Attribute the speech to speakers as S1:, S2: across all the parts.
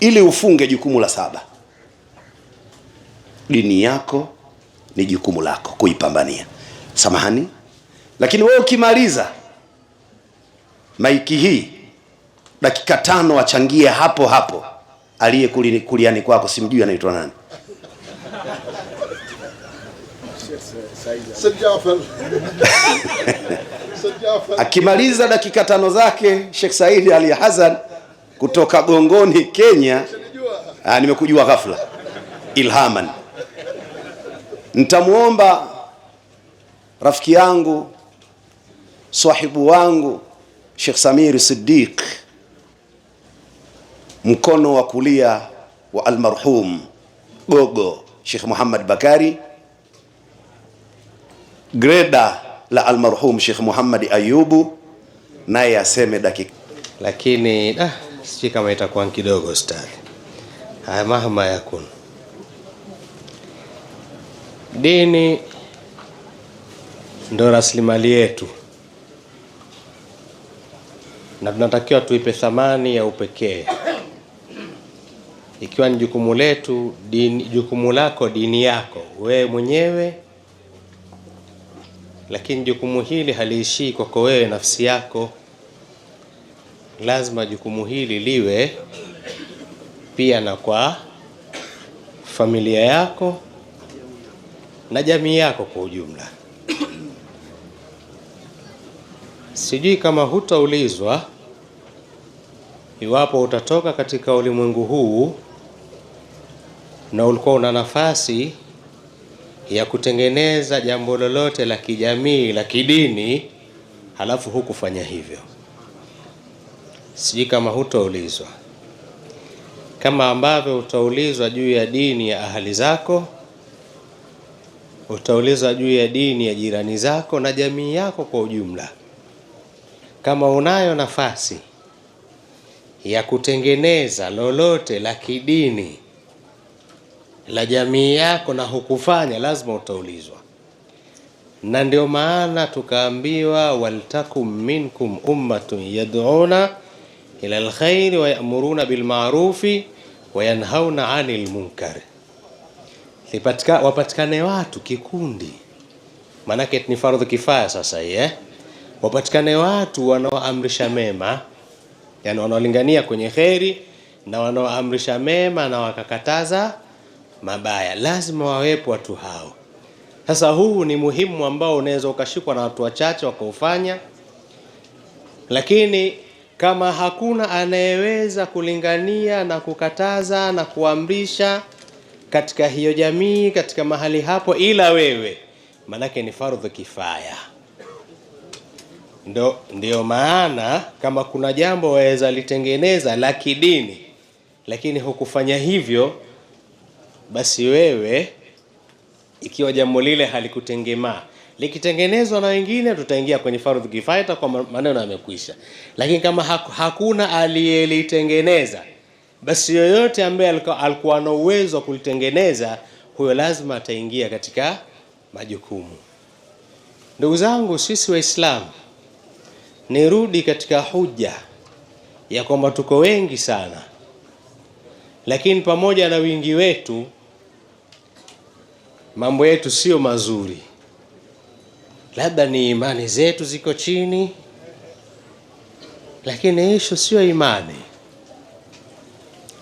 S1: ili ufunge jukumu la saba. Dini yako ni jukumu lako kuipambania. Samahani, lakini wewe ukimaliza maiki hii dakika tano achangie hapo hapo, aliye kuliani kwako simjui anaitwa nani? akimaliza dakika tano zake Sheikh Said Ali Hassan kutoka Gongoni Kenya. Ah, nimekujua ghafla ilhaman. Nitamuomba rafiki yangu swahibu wangu Sheikh Samir Siddiq mkono wa kulia wa almarhum gogo Sheikh Muhammad Bakari, greda la almarhum Sheikh Muhammad Ayubu, naye aseme dakika
S2: lakini ah sisi kama itakuwa kidogo stadi. Haya, mahma yakun, dini ndo rasilimali yetu na tunatakiwa tuipe thamani ya upekee. Ikiwa ni jukumu letu dini, jukumu lako dini yako wewe mwenyewe, lakini jukumu hili haliishii kwako wewe nafsi yako lazima jukumu hili liwe pia na kwa familia yako na jamii yako kwa ujumla. Sijui kama hutaulizwa iwapo utatoka katika ulimwengu huu na ulikuwa una nafasi ya kutengeneza jambo lolote la kijamii la kidini, halafu hukufanya hivyo sijui kama hutaulizwa, kama ambavyo utaulizwa juu ya dini ya ahali zako, utaulizwa juu ya dini ya jirani zako na jamii yako kwa ujumla. Kama unayo nafasi ya kutengeneza lolote la kidini la jamii yako na hukufanya, lazima utaulizwa. Na ndio maana tukaambiwa, waltakum minkum ummatun yad'una ila lkhairi wayamuruna bilmarufi wayanhauna anil munkar, lipatika wapatikane watu kikundi, maanake ni fardhu kifaya sasa hii eh? Wapatikane watu wanaoamrisha mema, yani wanaolingania kwenye kheri na wanaoamrisha mema na wakakataza mabaya, lazima wawepo watu hao. Sasa huu ni muhimu ambao unaweza ukashikwa na watu wachache wakaufanya, lakini kama hakuna anayeweza kulingania na kukataza na kuamrisha katika hiyo jamii, katika mahali hapo, ila wewe, manake ni fardhu kifaya. Ndo, ndio maana kama kuna jambo waweza litengeneza la kidini lakini hukufanya hivyo, basi wewe, ikiwa jambo lile halikutengemaa likitengenezwa na wengine, tutaingia kwenye fardhu kifaita kwa maneno yamekwisha. Lakini kama hakuna aliyelitengeneza, basi yoyote ambaye alikuwa na uwezo wa kulitengeneza, huyo lazima ataingia katika majukumu. Ndugu zangu, sisi Waislamu, nirudi katika hoja ya kwamba tuko wengi sana, lakini pamoja na wingi wetu mambo yetu sio mazuri labda ni imani zetu ziko chini, lakini ishu sio imani,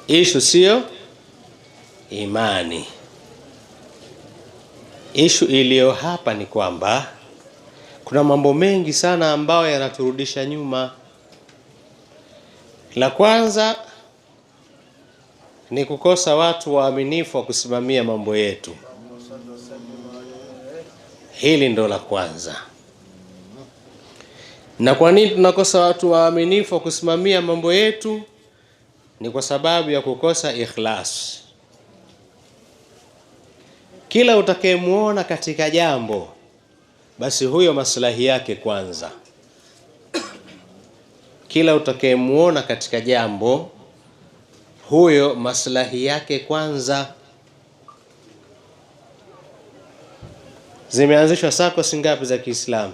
S2: ishu sio imani. Ishu iliyo hapa ni kwamba kuna mambo mengi sana ambayo yanaturudisha nyuma. La kwanza ni kukosa watu waaminifu wa kusimamia mambo yetu. Hili ndo la kwanza. Na kwa nini tunakosa watu waaminifu wa kusimamia mambo yetu? Ni kwa sababu ya kukosa ikhlas. Kila utakayemwona katika jambo, basi huyo maslahi yake kwanza. Kila utakayemwona katika jambo, huyo maslahi yake kwanza. Zimeanzishwa SACCOS ngapi za Kiislamu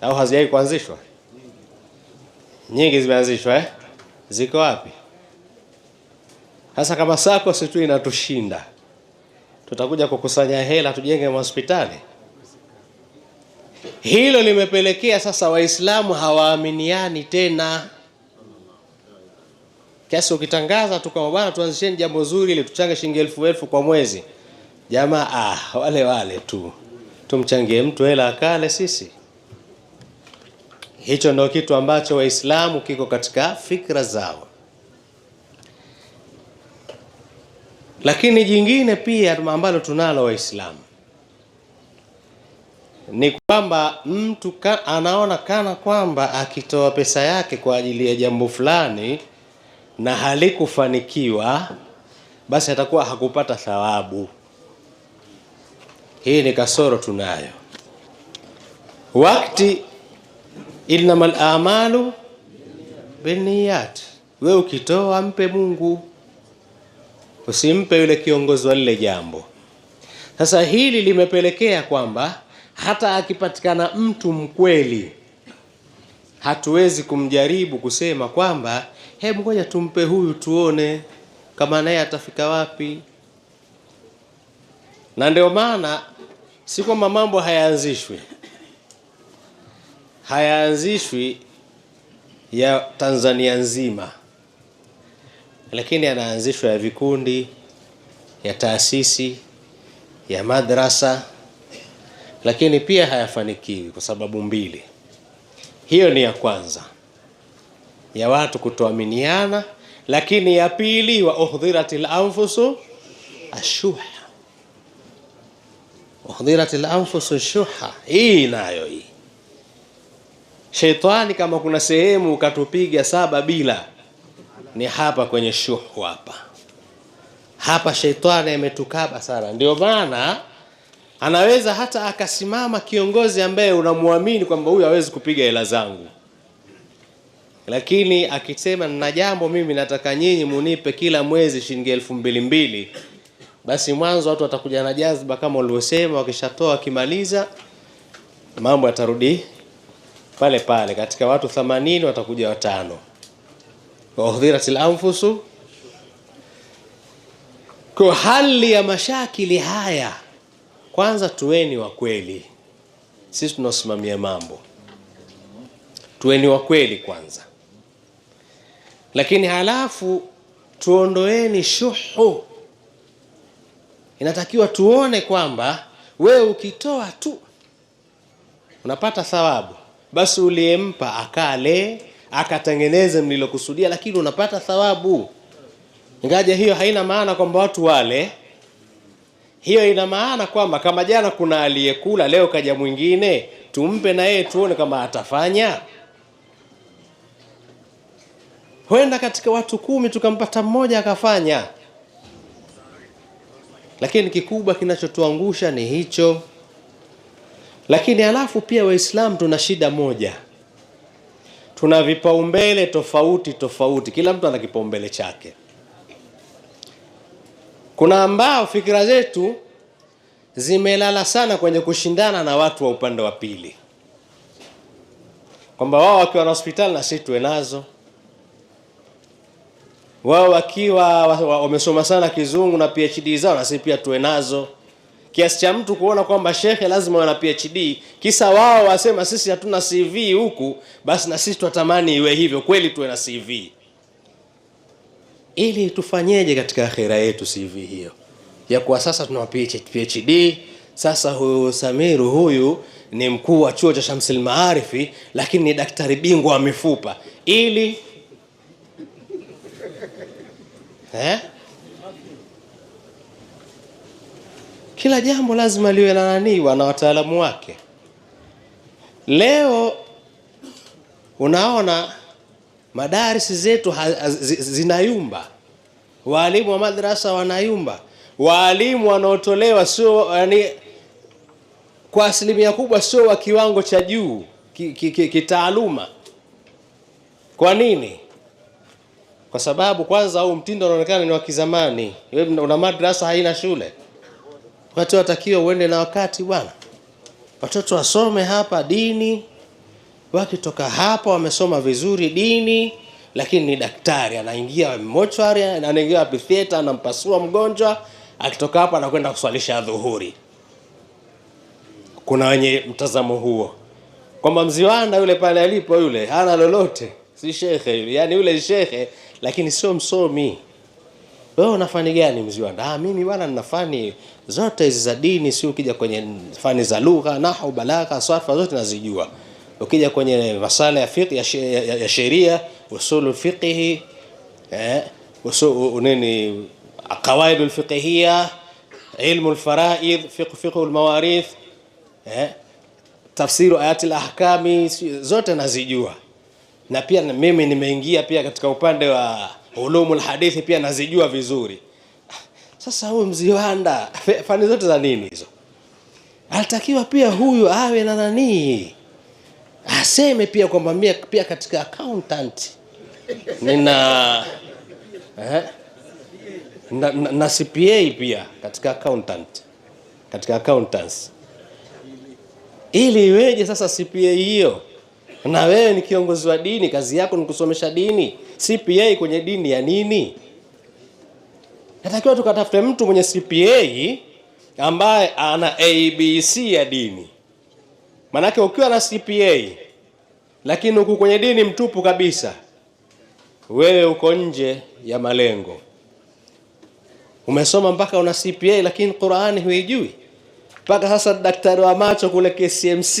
S2: au hazijai kuanzishwa? Nyingi zimeanzishwa eh? Ziko wapi hasa Kama SACCOS tu inatushinda, tutakuja kukusanya hela tujenge mahospitali? Hilo limepelekea sasa Waislamu hawaaminiani tena, kiasi ukitangaza tu kwamba bwana, tuanzisheni jambo zuri ili tuchange shilingi elfu elfu kwa mwezi Jamaa ah, wale wale tu tumchangie mtu hela akale sisi. Hicho ndio kitu ambacho Waislamu kiko katika fikra zao. Lakini jingine pia ambalo tunalo Waislamu ni kwamba mtu ka, anaona kana kwamba akitoa pesa yake kwa ajili ya jambo fulani na halikufanikiwa, basi atakuwa hakupata thawabu. Hii ni kasoro tunayo. Wakati innamal amalu binniyat, we ukitoa mpe Mungu, usimpe yule kiongozi wa lile jambo. Sasa hili limepelekea kwamba hata akipatikana mtu mkweli hatuwezi kumjaribu kusema kwamba hebu ngoja tumpe huyu tuone kama naye atafika wapi, na ndio maana Si kwamba mambo hayaanzishwi, hayaanzishwi ya Tanzania nzima, lakini yanaanzishwa ya vikundi, ya taasisi, ya madrasa, lakini pia hayafanikiwi kwa sababu mbili. Hiyo ni ya kwanza, ya watu kutoaminiana, lakini ya pili, wa uhdhiratil anfusu ashuh Hudhiratil anfusu shuha, hii nayo hii Sheitani kama kuna sehemu ukatupiga saba bila ni hapa kwenye shuhu hapa hapa, shetani ametukaba sana. Ndio maana anaweza hata akasimama kiongozi ambaye unamwamini kwamba huyu hawezi kupiga hela zangu, lakini akisema nina jambo mimi, nataka nyinyi munipe kila mwezi shilingi elfu mbili mbili basi mwanzo watu watakuja na jazba kama ulivyosema, wakishatoa wakimaliza, mambo yatarudi pale pale. Katika watu 80 watakuja watano. wa udhiratil anfusu kwa hali ya mashakili haya. Kwanza tuweni wa kweli, sisi tunaosimamia mambo tuweni wa kweli kwanza, lakini halafu tuondoeni shuhu inatakiwa tuone kwamba wewe ukitoa tu unapata thawabu, basi uliyempa akale akatengeneze mlilokusudia, lakini unapata thawabu. Ingaja hiyo haina maana kwamba watu wale, hiyo ina maana kwamba kama jana kuna aliyekula, leo kaja mwingine, tumpe na yeye tuone kama atafanya. Huenda katika watu kumi tukampata mmoja akafanya lakini kikubwa kinachotuangusha ni hicho. Lakini halafu pia Waislamu tuna shida moja, tuna vipaumbele tofauti tofauti, kila mtu ana kipaumbele chake. Kuna ambao fikira zetu zimelala sana kwenye kushindana na watu wa upande wa pili, kwamba wao wakiwa na hospitali na sisi tuwe nazo wao wakiwa wamesoma sana Kizungu na PhD zao, na sisi pia tuwe nazo, kiasi cha mtu kuona kwamba shehe lazima wana PhD, kisa wao wasema sisi hatuna CV huku, basi na sisi twatamani iwe hivyo, kweli tuwe na CV. Ili tufanyeje katika akhira yetu CV hiyo ya kuwa sasa tuna PhD? Sasa huyu Samiru huyu ni mkuu wa chuo cha Shamsil Maarifi, lakini ni daktari bingwa wa mifupa, ili eh? Kila jambo lazima liwe na nani na wataalamu wake. Leo unaona madarisi zetu zinayumba, waalimu wa madrasa wanayumba, waalimu wanaotolewa sio yani, kwa asilimia kubwa sio wa kiwango cha juu kitaaluma ki, ki, ki. Kwa nini? kwa sababu kwanza huu mtindo unaonekana ni wa kizamani. Wewe una madrasa haina shule, watu watakiwa uende na wakati bwana, watoto wasome hapa dini, wakitoka hapa wamesoma vizuri dini, lakini ni daktari anaingia mochwari, anaingia theater, anampasua mgonjwa, akitoka hapa anakwenda kuswalisha dhuhuri. Kuna wenye mtazamo huo kwamba mziwanda yule pale alipo yule hana lolote, si shekhe yule, yani yule shekhe lakini sio msomi. Wewe una gani mziwa? Ah, mimi bwana nina zote hizi za dini, si ukija kwenye fani za lugha, nahwu, balagha, sarfa zote nazijua. Ukija kwenye masala ya fiqh ya sheria, usulu eh, fiqh eh, usulu nini, aqawaid alfiqhiyya, ilmu alfaraid, fiqh fiqh almawarith, eh, tafsiru ayati alahkami, zote nazijua na pia mimi nimeingia pia katika upande wa ulumul hadithi pia nazijua vizuri. Sasa huyu Mziwanda fani zote za nini hizo? Alitakiwa pia huyu awe na nani, aseme pia kwamba mimi pia katika accountant nina eh, na, na, na CPA pia katika accountant katika accountants, ili iweje sasa CPA hiyo na wewe ni kiongozi wa dini, kazi yako ni kusomesha dini. CPA kwenye dini ya nini? Natakiwa tukatafute mtu mwenye CPA ambaye ana ABC ya dini, maanake ukiwa na CPA lakini huku kwenye dini mtupu kabisa, wewe uko nje ya malengo. Umesoma mpaka una CPA lakini Qurani huijui. Mpaka sasa daktari wa macho kule KCMC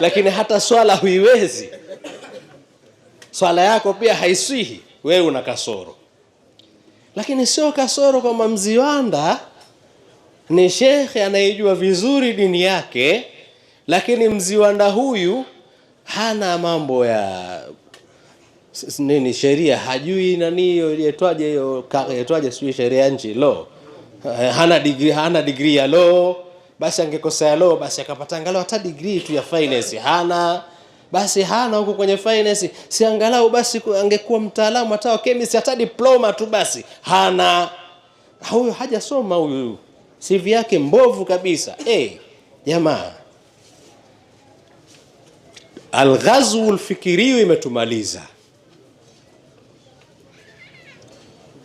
S2: lakini hata swala huiwezi, swala yako pia haiswihi, wewe una kasoro. Lakini sio kasoro kwamba Mziwanda ni shekhe anayejua vizuri dini yake, lakini Mziwanda huyu hana mambo ya nini sheria, hajui nani hiyo yetwaje, hiyo yetwaje, sijui sheria nchi lo hana degree, hana degree ya law basi angekosa ya law, basi akapata angalau hata degree tu ya finance. Hana basi hana huko kwenye finance, si angalau basi angekuwa mtaalamu hata wa chemistry, hata diploma tu basi hana. Ah, huyo hajasoma huyu, CV yake mbovu kabisa. Eh, hey, jamaa, alghazwu alfikiriyu imetumaliza.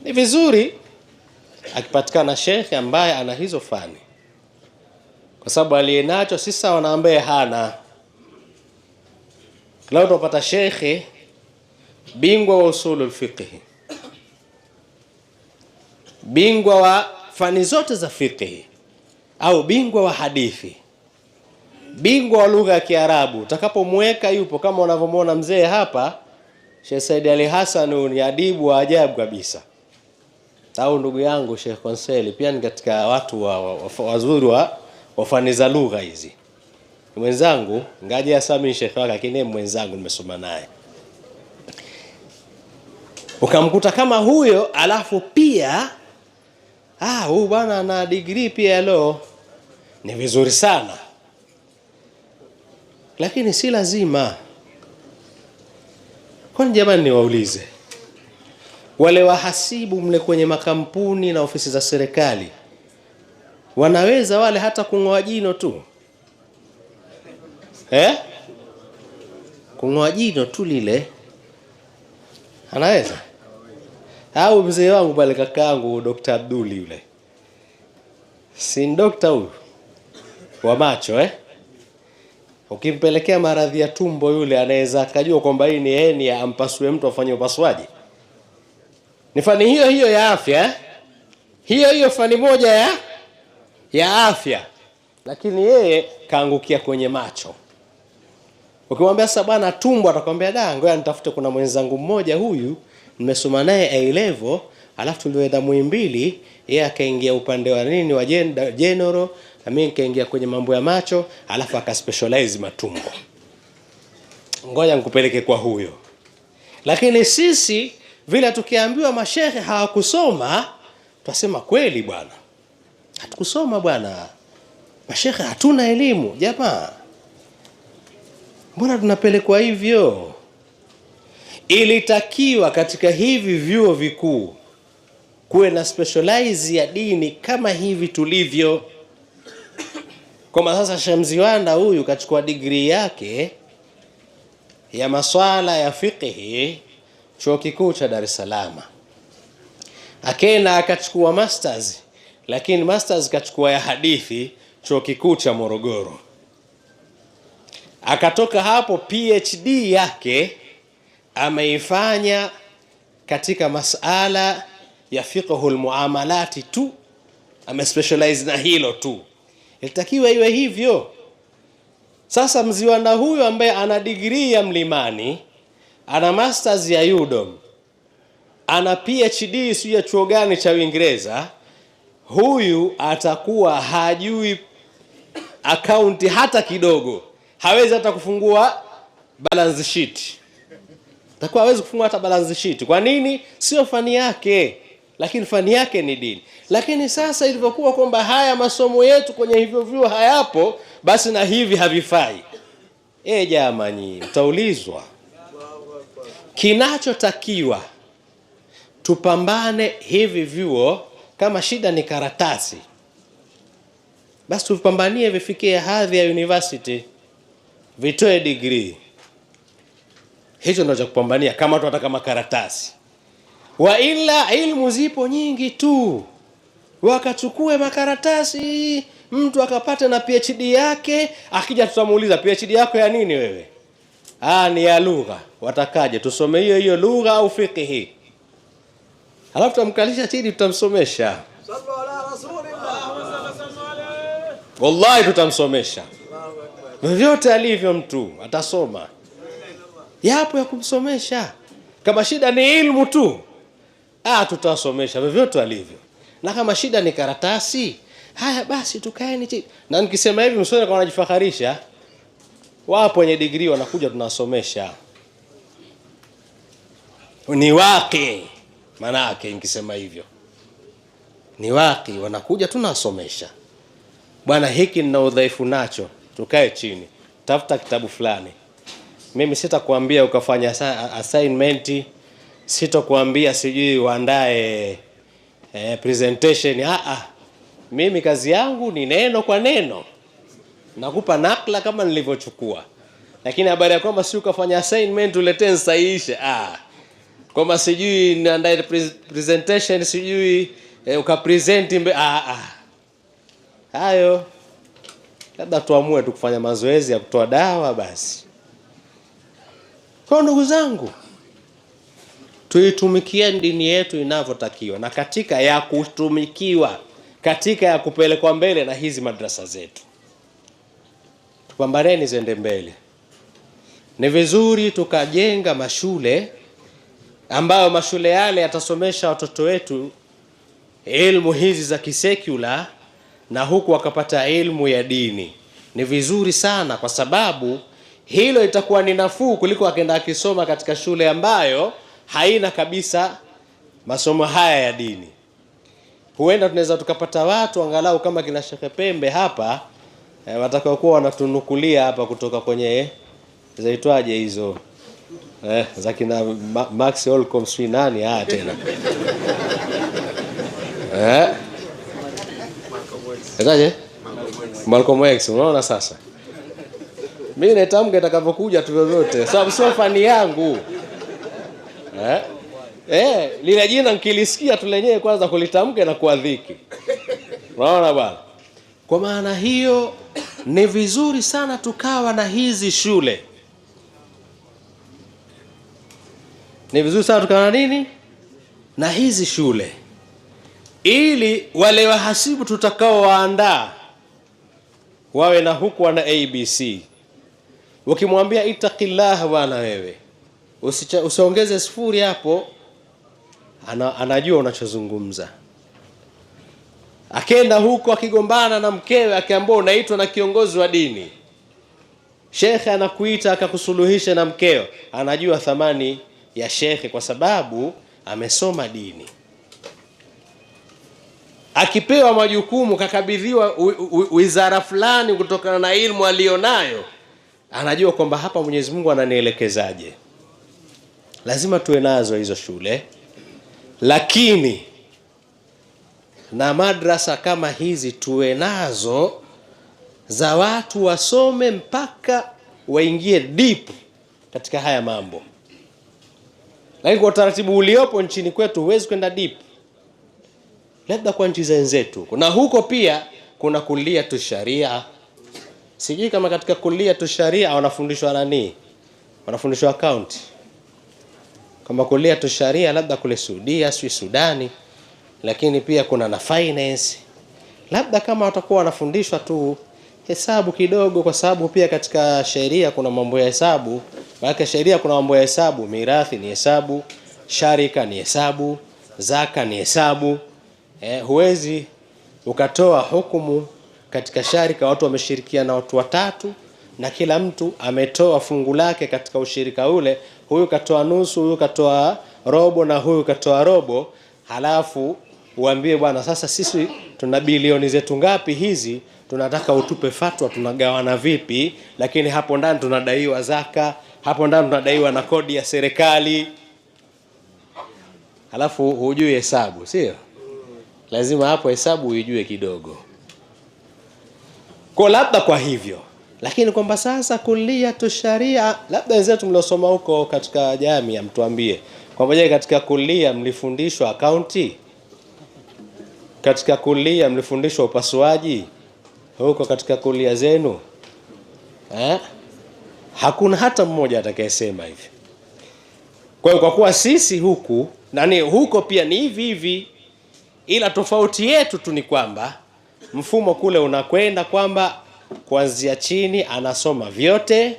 S2: Ni vizuri akipatikana shekhe ambaye ana hizo fani kwa sababu aliyenacho si sawa na ambaye hana. Leo tunapata shekhe bingwa wa usulul fiqhi, bingwa wa fani zote za fiqhi, au bingwa wa hadithi, bingwa wa lugha ya Kiarabu. Utakapomweka yupo, kama unavyomwona mzee hapa, Sheikh Said Ali Hassan ni adibu wa ajabu kabisa, au ndugu yangu Sheikh Konseli pia ni katika watu wazuri wa, wa, wa, wa, wa ofani za lugha hizi. Mwenzangu ngaje asami shekhi wako lakini mwenzangu nimesoma naye, ukamkuta kama huyo, alafu pia ah, huyu bwana ana degree pia leo, ni vizuri sana lakini si lazima. Kwani jamani, niwaulize wale wahasibu mle kwenye makampuni na ofisi za serikali wanaweza wale hata kung'oa jino tu eh? kung'oa jino tu lile anaweza au mzee wangu pale kakaangu Dr. Abduli yule si daktari huyu wa macho eh? Ukimpelekea maradhi ya tumbo yule, anaweza akajua kwamba hii ni ya ampasue mtu afanye upasuaji. Ni fani hiyo hiyo ya afya eh? hiyo hiyo fani moja ya ya afya, lakini yeye kaangukia kwenye macho. Ukimwambia sasa bwana tumbo, atakwambia da, ngoja nitafute, kuna mwenzangu mmoja huyu nimesoma naye A level, alafu tulioenda Muhimbili, yeye akaingia upande wa nini wa general, na mimi nikaingia kwenye mambo ya macho, alafu akaspecialize matumbo, ngoja nikupeleke kwa huyo. Lakini sisi vile tukiambiwa mashehe hawakusoma, twasema kweli bwana Hatukusoma bwana, mashekhe, hatuna elimu jamaa, mbona tunapelekwa hivyo? Ilitakiwa katika hivi vyuo vikuu kuwe na specialize ya dini kama hivi tulivyo. Kwamba sasa Shamziwanda huyu kachukua degree yake ya maswala ya fiqhi chuo kikuu cha Dar es Salaam, akenda akachukua masters lakini masters kachukua ya hadithi chuo kikuu cha Morogoro. Akatoka hapo PhD yake ameifanya katika masala ya fiqhul muamalati tu, amespecialize na hilo tu, ilitakiwa iwe hivyo. Sasa mziwana huyu ambaye ana degree ya Mlimani, ana masters ya UDOM, ana PhD sio ya chuo gani cha Uingereza huyu atakuwa hajui akaunti hata kidogo, hawezi hata kufungua balance sheet, atakuwa hawezi kufungua hata balance sheet. Kwa nini? Sio fani yake, lakini fani yake ni dini. Lakini sasa ilivyokuwa kwamba haya masomo yetu kwenye hivyo vyuo hayapo, basi na hivi havifai. E jamani, utaulizwa kinachotakiwa tupambane hivi vyuo kama shida ni karatasi, basi tupambanie vifikie hadhi ya university, vitoe degree. Hicho ndio cha kupambania, kama tunataka makaratasi. Wa ila ilmu zipo nyingi tu, wakachukue makaratasi, mtu akapata na PhD yake, akija tutamuuliza PhD yako ya nini wewe? Ah, ni ya lugha. Watakaje? tusome hiyo hiyo lugha au fikihi? alafu tutamkalisha chini, tutamsomesha. Wallahi, tutamsomesha vyovyote alivyo, mtu atasoma. Yapo ya kumsomesha, kama shida ni ilmu tu, ah, tutasomesha vyovyote alivyo, na kama shida ni karatasi, haya basi, tukaeni chini. Na nikisema hivi msione kama wapo wenye digrii wanakuja, tunawasomesha, ni waki maana yake nikisema hivyo ni waki, wanakuja tunawasomesha, bwana, hiki nina udhaifu nacho, tukae chini, tafuta kitabu fulani. Mimi sitakuambia ukafanya assignment, sitokuambia sijui uandae eh, presentation. Ah, ah, mimi kazi yangu ni neno kwa neno, nakupa nakla kama nilivyochukua, lakini habari ya kwamba si ukafanya assignment uletee nsahihishe, ah kwamba sijui niandae presentation sijui eh, ukapresenti mbe ah, ah. Hayo labda tuamue tu kufanya mazoezi ya kutoa dawa basi. Kwa ndugu zangu, tuitumikie dini yetu inavyotakiwa na katika ya kutumikiwa, katika ya kupelekwa mbele na hizi madrasa zetu, tupambaneni ziende mbele. Ni vizuri tukajenga mashule ambayo mashule yale yatasomesha watoto wetu elimu hizi za kisekula na huku wakapata elimu ya dini, ni vizuri sana kwa sababu hilo itakuwa ni nafuu kuliko akenda akisoma katika shule ambayo haina kabisa masomo haya ya dini. Huenda tunaweza tukapata watu angalau kama kina Sheikh Pembe hapa eh, watakao kuwa wanatunukulia hapa kutoka kwenye zaitwaje hizo eh, za kina Ma Max Holcomb si nani haya ah, tena eh? Malcolm X, unaona sasa mi netamka itakavyokuja tu vyovyote, sababu sio fani yangu eh? Eh, lile jina nkilisikia tu lenyewe kwanza kulitamka na kuadhiki, unaona bwana. Kwa maana hiyo ni vizuri sana tukawa na hizi shule ni vizuri sana tukana nini na hizi shule, ili wale wahasibu tutakaowaandaa wawe na huku wana abc. Ukimwambia ittaqillaha, bwana wewe usiongeze sifuri hapo, ana, anajua unachozungumza. Akenda huko akigombana na mkewe, akiambua unaitwa na kiongozi wa dini, shekhe anakuita akakusuluhisha na mkeo, anajua thamani ya shekhe kwa sababu amesoma dini. Akipewa majukumu, kakabidhiwa wizara fulani kutokana na ilmu aliyonayo, anajua kwamba hapa Mwenyezi Mungu ananielekezaje. Lazima tuwe nazo hizo shule, lakini na madrasa kama hizi tuwe nazo za watu wasome mpaka waingie deep katika haya mambo. Lakini kwa utaratibu uliopo nchini kwetu huwezi kwenda deep, labda kwa nchi za Kuna huko pia kuna kulia tu sharia. Sijui kama katika kulia tu sharia wanafundishwa nani, wanafundishwa account kama kulia tu sharia, labda kule Saudia, si Sudani, lakini pia kuna na finance, labda kama watakuwa wanafundishwa tu hesabu kidogo, kwa sababu pia katika sheria kuna mambo ya hesabu. Maana sheria kuna mambo ya hesabu, mirathi ni hesabu, sharika ni hesabu, zaka ni hesabu. Eh, huwezi ukatoa hukumu katika sharika watu wameshirikiana na watu watatu na kila mtu ametoa fungu lake katika ushirika ule, huyu katoa nusu, huyu katoa robo na huyu katoa robo, halafu uambie bwana, sasa sisi tuna bilioni zetu ngapi hizi, tunataka utupe fatwa, tunagawana vipi? Lakini hapo ndani tunadaiwa zaka hapo ndani tunadaiwa na kodi ya serikali, halafu hujui hesabu, sio lazima hapo hesabu uijue kidogo, kwa labda kwa hivyo lakini kwamba sasa kulliyatu sharia, labda wenzetu mliosoma huko katika jami amtuambie kwamba je, katika kulia mlifundishwa akaunti? Katika kulia mlifundishwa upasuaji huko katika kulia zenu eh? Hakuna hata mmoja atakayesema hivi. Kwa kwa kuwa sisi huku nani huko pia ni hivi hivi, ila tofauti yetu tu ni kwamba mfumo kule unakwenda kwamba kuanzia chini anasoma vyote,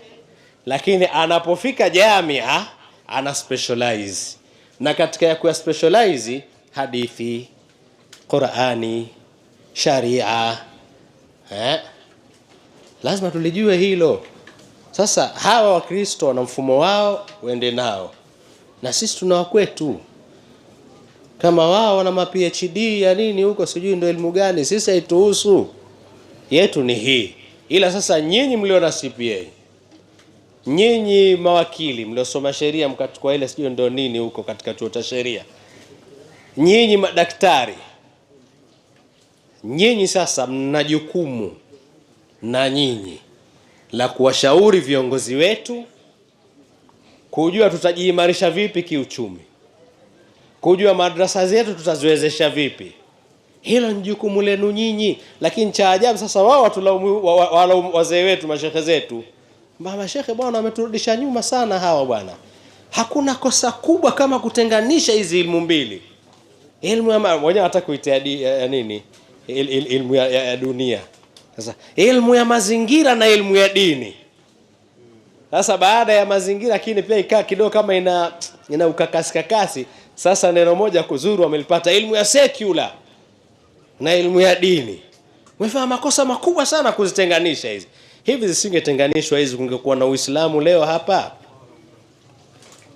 S2: lakini anapofika jamia ana specialize, na katika ya kuya specialize hadithi, Qurani, sharia eh, lazima tulijue hilo. Sasa hawa Wakristo na mfumo wao uende nao, na sisi tuna wakwetu. Kama wao wana ma PhD ya nini huko, sijui ndio elimu gani, sisi haituhusu, yetu ni hii. Ila sasa nyinyi mlio na CPA, nyinyi mawakili mliosoma sheria mkachukua ile sijui ndio nini huko katika chuo cha sheria, nyinyi madaktari, nyinyi sasa mna jukumu na nyinyi la kuwashauri viongozi wetu kujua tutajiimarisha vipi kiuchumi, kujua madrasa zetu tutaziwezesha vipi. Hilo ni jukumu lenu nyinyi, lakini cha ajabu sasa wao watulaumu walaumu wazee wetu, mashehe zetu. Mashehe bwana, wameturudisha nyuma sana hawa bwana. Hakuna kosa kubwa kama kutenganisha hizi ilmu mbili, ilmu wenyewe hata kuitea eh, nini, ilmu ya dunia sasa elimu ya mazingira na elimu ya dini. Sasa baada ya mazingira, lakini pia ikaa kidogo kama ina ina ukakasi kakasi. Sasa neno moja kuzuru wamelipata elimu ya secular na elimu ya dini. Umefanya makosa makubwa sana kuzitenganisha hizi. Hivi zisingetenganishwa hizi, kungekuwa na Uislamu leo hapa,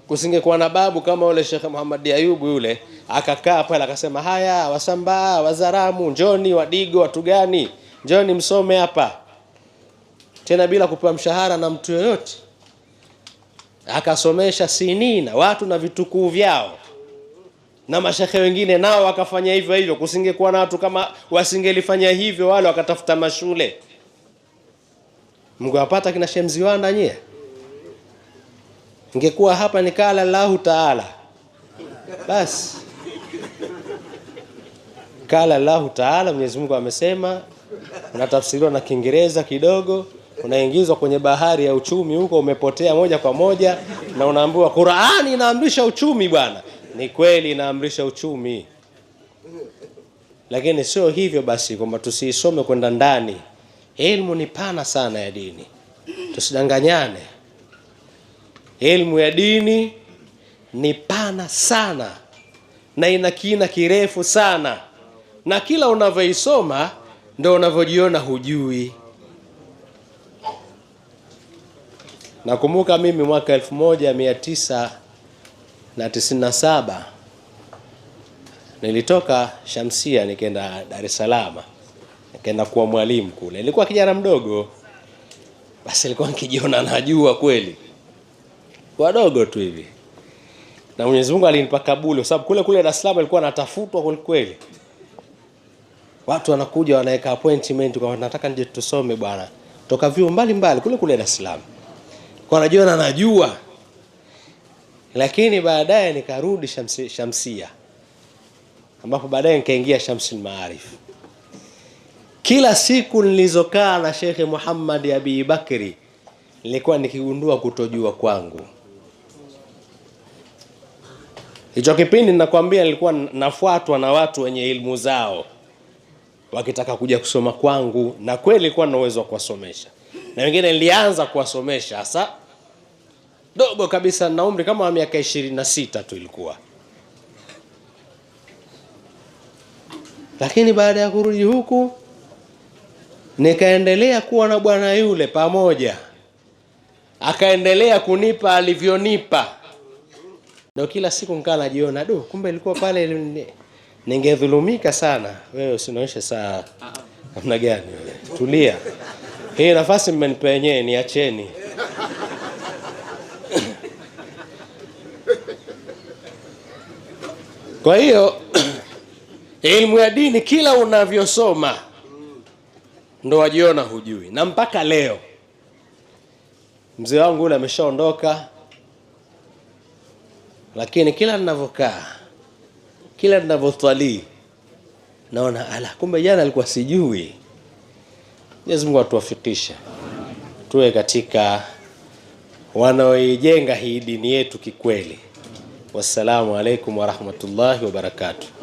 S2: kusingekuwa na babu kama yule Sheikh Muhammad Ayubu yule, akakaa pale akasema, haya Wasambaa, Wazaramu, njoni Wadigo, watu gani ni msome hapa tena bila kupewa mshahara na mtu yoyote akasomesha sinina watu na vitukuu vyao na mashekhe wengine nao wakafanya hivyo hivyo kusingekuwa na watu kama wasingelifanya hivyo wale wakatafuta mashule mngewapata kina Shemziwanda nyie ngekuwa hapa ni kala lahu taala basi kala lahu taala Mwenyezi Mungu amesema unatafsiriwa na Kiingereza kidogo, unaingizwa kwenye bahari ya uchumi huko, umepotea moja kwa moja, na unaambiwa Qur'ani inaamrisha uchumi. Bwana, ni kweli inaamrisha uchumi, lakini sio hivyo basi kwamba tusiisome kwenda ndani. Elimu ni pana sana ya dini, tusidanganyane. Elimu ya dini ni pana sana na ina kina kirefu sana, na kila unavyoisoma ndo unavyojiona hujui. Nakumbuka mimi mwaka 1997 na nilitoka Shamsia nikaenda Dar es Salaam, nikaenda kuwa mwalimu kule. Nilikuwa kijana mdogo, basi nilikuwa nikijiona najua kweli, wadogo tu hivi, na Mwenyezi Mungu alinipa kabuli, kwa sababu kule kule Dar es Salaam ilikuwa natafutwa kweli watu wanakuja wanaweka appointment kwa nataka nje tusome bwana, toka vyuo mbalimbali kule kule Dar es Salaam, kwa najua na najua. Lakini baadaye nikarudi shamsi, Shamsia ambapo baadaye nikaingia Shamsul Maarif. Kila siku nilizokaa na Sheikh Muhammad Abi Bakri nilikuwa nikigundua kutojua kwangu. Hicho kipindi ninakwambia, nilikuwa nafuatwa na watu wenye ilmu zao wakitaka kuja kusoma kwangu, na kweli kuwa na uwezo wa kuwasomesha, na wengine nilianza kuwasomesha hasa dogo kabisa, na umri kama wa miaka ishirini na sita tu ilikuwa. Lakini baada ya kurudi huku nikaendelea kuwa na bwana yule pamoja, akaendelea kunipa alivyonipa, ndio kila siku nikaa najiona, do kumbe ilikuwa pale ningedhulumika sana. Wewe usinaonyeshe saa namna gani, tulia. Hii nafasi mmenipa wenyewe, niacheni. Kwa hiyo elimu ya dini, kila unavyosoma ndo wajiona hujui, na mpaka leo mzee wangu yule ameshaondoka, lakini kila ninavyokaa kila ninavyoswali naona ala, kumbe jana alikuwa sijui. Mwenyezi Mungu atuwafikisha tuwe katika wanaoijenga hii dini yetu kikweli. Wassalamu alaikum warahmatullahi wabarakatuh.